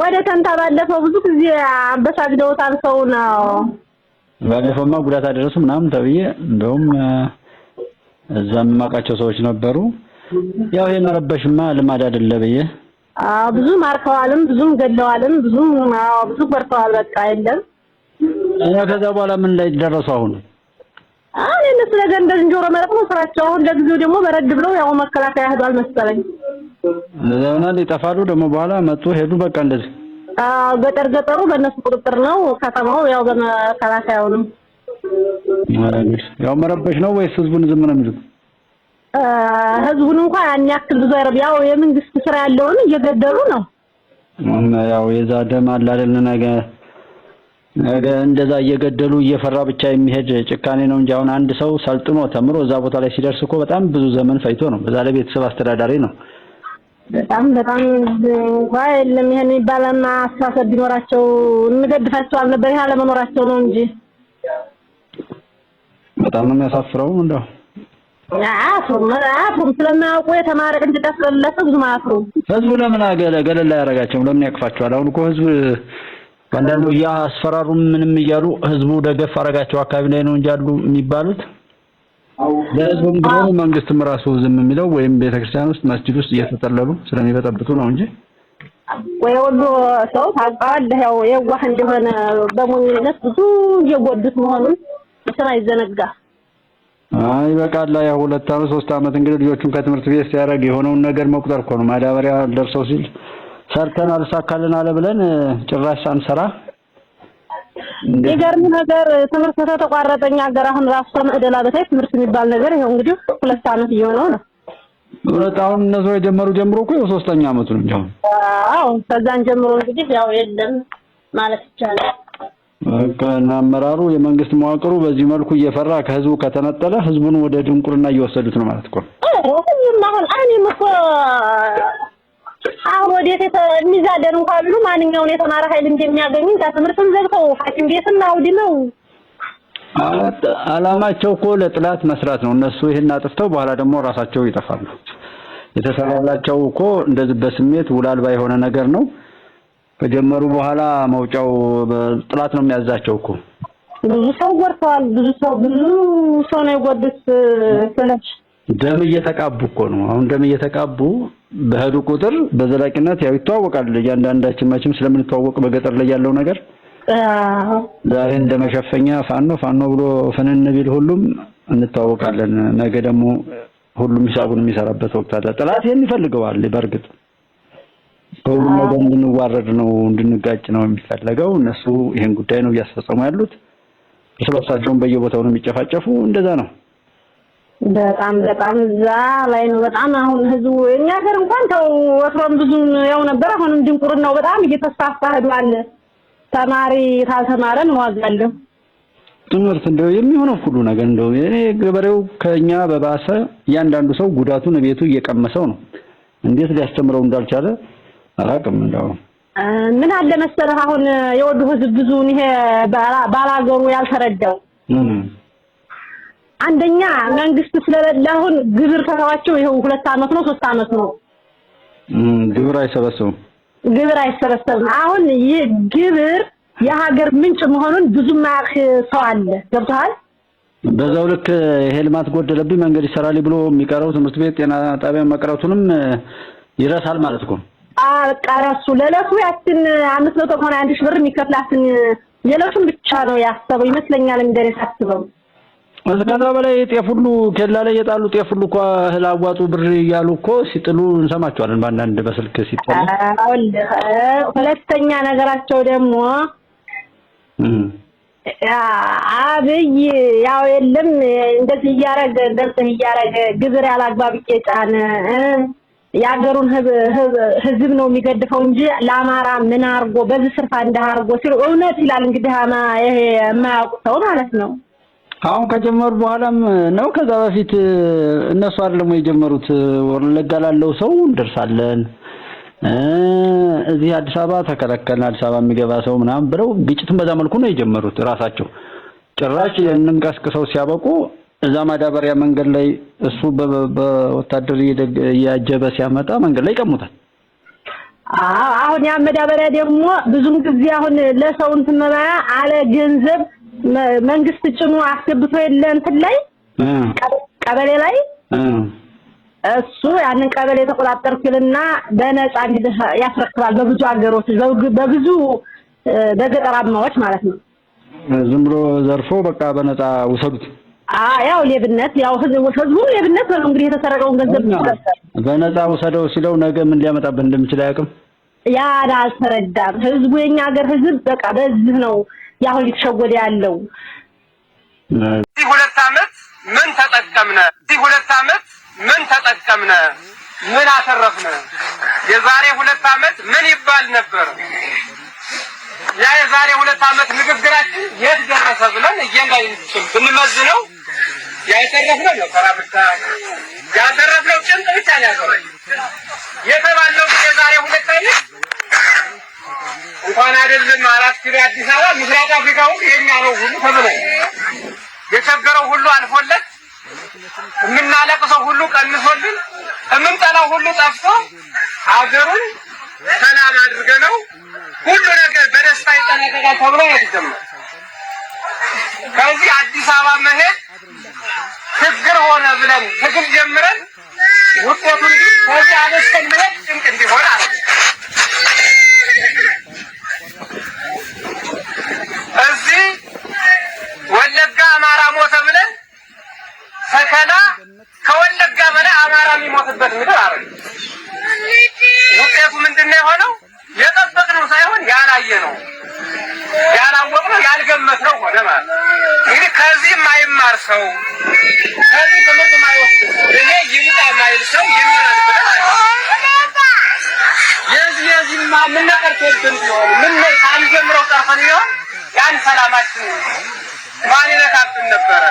ወደ ተንታ ባለፈው ብዙ ጊዜ አንበሳግደውታል። ሰው ነው ባለፈውማ ጉዳት አደረሱ ምናምን ተብዬ እንደውም እዛ የማውቃቸው ሰዎች ነበሩ። ያው ይሄ መረበሽማ ልማድ አይደለ ብዬ አዎ፣ ብዙ ማርከዋልም፣ ብዙም ገለዋልም፣ ብዙ አዎ፣ ብዙ ቆርተዋል። በቃ የለም እና ከዛ በኋላ ምን ላይ ደረሱ አሁን አሁን እነሱ ነገር እንደ ዝንጀሮ መረጥ ነው ስራቸው። አሁን ለጊዜው ደግሞ በረድ ብለው ያው መከላከያ ሄዷል መሰለኝ። እንደዛ ይሆናል። ይጠፋሉ። ደግሞ በኋላ መጡ ሄዱ። በቃ እንደዚህ ገጠር ገጠሩ በእነሱ ቁጥጥር ነው። ከተማው ያው በመከላከያው ነው። ያው መረበሽ ነው ወይስ ህዝቡን ዝም ነው የሚሉት? ህዝቡን እንኳን ያን ያክል ብዙ አይረብ። ያው የመንግስት ስራ ያለውን እየገደሉ ነው። ያው የዛ ደም አለ አይደል? ነገ ነገ እንደዛ እየገደሉ እየፈራ ብቻ የሚሄድ ጭካኔ ነው እንጂ አሁን አንድ ሰው ሰልጥኖ ተምሮ እዛ ቦታ ላይ ሲደርስ እኮ በጣም ብዙ ዘመን ፈይቶ ነው። በዛ ላይ ቤተሰብ አስተዳዳሪ ነው። በጣም በጣም እንኳን የለም ይሄን የሚባለማ አስተሳሰብ ቢኖራቸው እንገድፋቸው አልነበር። ይሄ አለመኖራቸው ነው እንጂ በጣም ነው የሚያሳፍረው። እንደው አያፍሩም፣ አያፍሩም ስለማያውቁ የተማረ ቅንጭጫ ስለሌላቸው ብዙም አያፍሩም። ህዝቡ ለምን ገለል አያደርጋቸውም? ለምን ያቅፋቸዋል? አሁን እኮ ህዝብ አንዳንዱ ምንም እያሉ ህዝቡ ደገፍ አደረጋቸው አካባቢ ላይ ነው እንጂ አሉ የሚባሉት ለህዝቡም ቢሆን መንግስትም ራሱ ዝም የሚለው ወይም ቤተክርስቲያን ውስጥ መስጂድ ውስጥ እየተጠለሉ ስለሚበጠብጡ ነው እንጂ ወይ ወሎ ሰው ታውቀዋለህ፣ ያው የዋህ እንደሆነ በሞኝነት ብዙ እየጎዱት መሆኑን ስራ ይዘነጋ። አይ በቃላ ያው ሁለት አመት ሶስት አመት እንግዲህ ልጆቹን ከትምህርት ቤት ሲያደርግ የሆነውን ነገር መቁጠር እኮ ነው። ማዳበሪያ ደርሰው ሲል ሰርተን አልሳካልን አለ ብለን ጭራሽ ሳንሰራ የገርም ነገር ትምህርት ከተቋረጠኝ ሀገር አሁን ራሱ ከመዕደላ በታይ ትምህርት የሚባል ነገር ይሄው እንግዲህ ሁለት አመት እየሆነው ነው። እውነት አሁን እነሱ የጀመሩ ጀምሮ እኮ ይኸው ሶስተኛ ዓመቱ ነው እንጂ አዎ ከዛን ጀምሮ እንግዲህ ያው የለም ማለት ይቻላል። በቃ አመራሩ የመንግስት መዋቅሩ በዚህ መልኩ እየፈራ ከህዝቡ ከተነጠለ ህዝቡን ወደ ድንቁርና እየወሰዱት ነው ማለት እኮ። አሁን አሁን እኔም እኮ አሁን ወዴት የሚዛደር እንኳን ብሎ ማንኛውን የተማረ ኃይል እንደሚያገኙ ከትምህርትም ዘግተው ሐኪም ቤትም አውድ ነው። አላማቸው እኮ ለጥላት መስራት ነው። እነሱ ይህን አጥፍተው በኋላ ደግሞ ራሳቸው ይጠፋሉ። የተሰራላቸው እኮ እንደዚህ በስሜት ውላልባ የሆነ ነገር ነው። ከጀመሩ በኋላ መውጫው ጥላት ነው የሚያዛቸው እኮ። ብዙ ሰው ጎድተዋል። ብዙ ሰው ብዙ ሰው ነው የጎዱት። ደም እየተቃቡ እኮ ነው አሁን ደም እየተቃቡ በሄዱ ቁጥር በዘላቂነት ያው ይተዋወቃል። እያንዳንዳችን መቼም ስለምንተዋወቅ በገጠር ላይ ያለው ነገር ዛሬ እንደ መሸፈኛ ፋኖ ፋኖ ብሎ ፍንን ቢል ሁሉም እንተዋወቃለን። ነገ ደግሞ ሁሉም ሂሳቡን የሚሰራበት ወቅት አለ። ጠላት ይህን ይፈልገዋል። በእርግጥ በሁሉም ነገር እንድንዋረድ ነው እንድንጋጭ ነው የሚፈለገው። እነሱ ይህን ጉዳይ ነው እያስፈጸሙ ያሉት። እርስ በርሳቸውን በየቦታው ነው የሚጨፋጨፉ። እንደዛ ነው። በጣም በጣም እዛ ላይ ነው። በጣም አሁን ህዝቡ የኛ ሀገር እንኳን ተው ወትሮም ብዙ ያው ነበር። አሁንም ድንቁርናው በጣም እየተስፋፋ ሄዷል። ተማሪ ካልተማረ እንዋጋለን። ትምህርት እንደው የሚሆነው ሁሉ ነገር እንደው እኔ ገበሬው ከኛ በባሰ እያንዳንዱ ሰው ጉዳቱን ቤቱ እየቀመሰው ነው። እንዴት ሊያስተምረው እንዳልቻለ አላውቅም። እንደው ምን አለ መሰለህ አሁን የወዱ ህዝብ ብዙውን ይሄ ባላገሩ ያልተረዳው አንደኛ መንግስት ስለበላሁን ግብር ከተዋቸው ይኸው ሁለት አመት ነው ሶስት አመት ነው ግብር አይሰበሰብም። ግብር አይሰበሰብም። አሁን ይህ ግብር የሀገር ምንጭ መሆኑን ብዙ ማያውቅ ሰው አለ። ገብቶሃል? በዛው ልክ ይሄ ልማት ጎደለብኝ መንገድ ይሰራል ብሎ የሚቀረው ትምህርት ቤት፣ ጤና ጣቢያ መቅረቱንም ይረሳል ማለት እኮ በቃ ረሱ። ለዕለቱ ያችን አምስት መቶ ከሆነ አንድ ሺህ ብር የሚከፍላትን የዕለቱን ብቻ ነው ያሰበው ይመስለኛል እንደኔ ሳስበው ከዛ በላይ ጤፍ ሁሉ ኬላ ላይ የጣሉ ጤፍ ሁሉ እኮ እህል አዋጡ ብር እያሉ እኮ ሲጥሉ እንሰማቸዋለን። በአንዳንድ በስልክ ሲጥሉ። ሁለተኛ ነገራቸው ደግሞ አብይ ያው የለም እንደዚህ እያረገ እንደዚህ እያረገ ግብር ያላግባብ እየጫነ የአገሩን ህዝብ ነው የሚገድፈው እንጂ ለአማራ ምን አርጎ በዚህ ስርፋ እንዳርጎ ሲሉ እውነት ይላል። እንግዲህ ይሄ የማያውቁ ሰው ማለት ነው። አሁን ከጀመሩ በኋላም ነው። ከዛ በፊት እነሱ አይደለም የጀመሩት። ወለጋ ላለው ሰው እንደርሳለን፣ እዚህ አዲስ አበባ ተከለከልን፣ አዲስ አበባ የሚገባ ሰው ምናምን ብለው ግጭትን በዛ መልኩ ነው የጀመሩት ራሳቸው። ጭራሽ እንንቀስቅሰው ሲያበቁ እዛ ማዳበሪያ መንገድ ላይ እሱ በወታደር እያጀበ ሲያመጣ መንገድ ላይ ይቀሙታል። አሁን ያ ማዳበሪያ ደግሞ ብዙም ጊዜ አሁን ለሰው እንትን አለ ገንዘብ መንግስት ጭኑ አስገብቶ የለ እንትን ላይ ቀበሌ ላይ እሱ ያንን ቀበሌ የተቆጣጠርኩልና በነፃ እንዲህ ያስረክባል። በብዙ ሀገሮች በብዙ በገጠራማዎች ማለት ነው። ዝም ብሎ ዘርፎ በቃ በነፃ ውሰዱት። ያው ሌብነት፣ ያው ህዝቡ ሌብነት ነው እንግዲህ የተሰረቀውን ገንዘብ በነፃ ውሰደው ሲለው ነገ ምን ሊያመጣብን እንደሚችል አያውቅም። ያን አልተረዳም ህዝቡ። የኛ ሀገር ህዝብ በቃ በዚህ ነው ያሁን እየተሸወደ ያለው ሁለት አመት ምን ተጠቀምነ? ሁለት አመት ምን ተጠቀምነ? ምን አተረፍነ? የዛሬ ሁለት አመት ምን ይባል ነበር? ያ የዛሬ ሁለት አመት ንግግራችን የት ደረሰ ብለን እየንዳይ ብንመዝነው ያተረፍነው ነው ተራብታ ያተረፍነው ጭንቅ ብቻ ነው ያለው የተባለው የዛሬ ሁለት አመት እንኳን አይደለም አራት ኪሎ አዲስ አበባ ምስራቅ አፍሪካ ሁሉ የኛ ነው ሁሉ ተብሎ የቸገረው ሁሉ አልፎለት የምናለቅሰው ሁሉ ቀንሶልን የምንጠላው ሁሉ ጠፍቶ ሀገሩን ሰላም አድርገ ነው ሁሉ ነገር በደስታ ይጠናቀቃል ተብሎ የተጀመረ ከዚህ አዲስ አበባ መሄድ ችግር ሆነ ብለን ትግል ጀምረን ውጤቱን ግን ከዚህ አነስተን መሄድ ጭንቅ እንዲሆን ውጤቱ ምንድን ነው የሆነው? የጠበቅነው ሳይሆን ያላየነው፣ ያላወቅነው፣ ያልገመትነው ሆነ ማለት እንግዲህ ከዚህ ማይማር ሰው ከዚህ ትምህርት የማይወስድ እኔ ይውጣ ማይል ሰው የዚህ የዚህማ የምነቀርቶብን ቢሆን ምን ሳንጀምረው ቢሆን ያን ሰላማችን ማን ይነካብን ነበረ?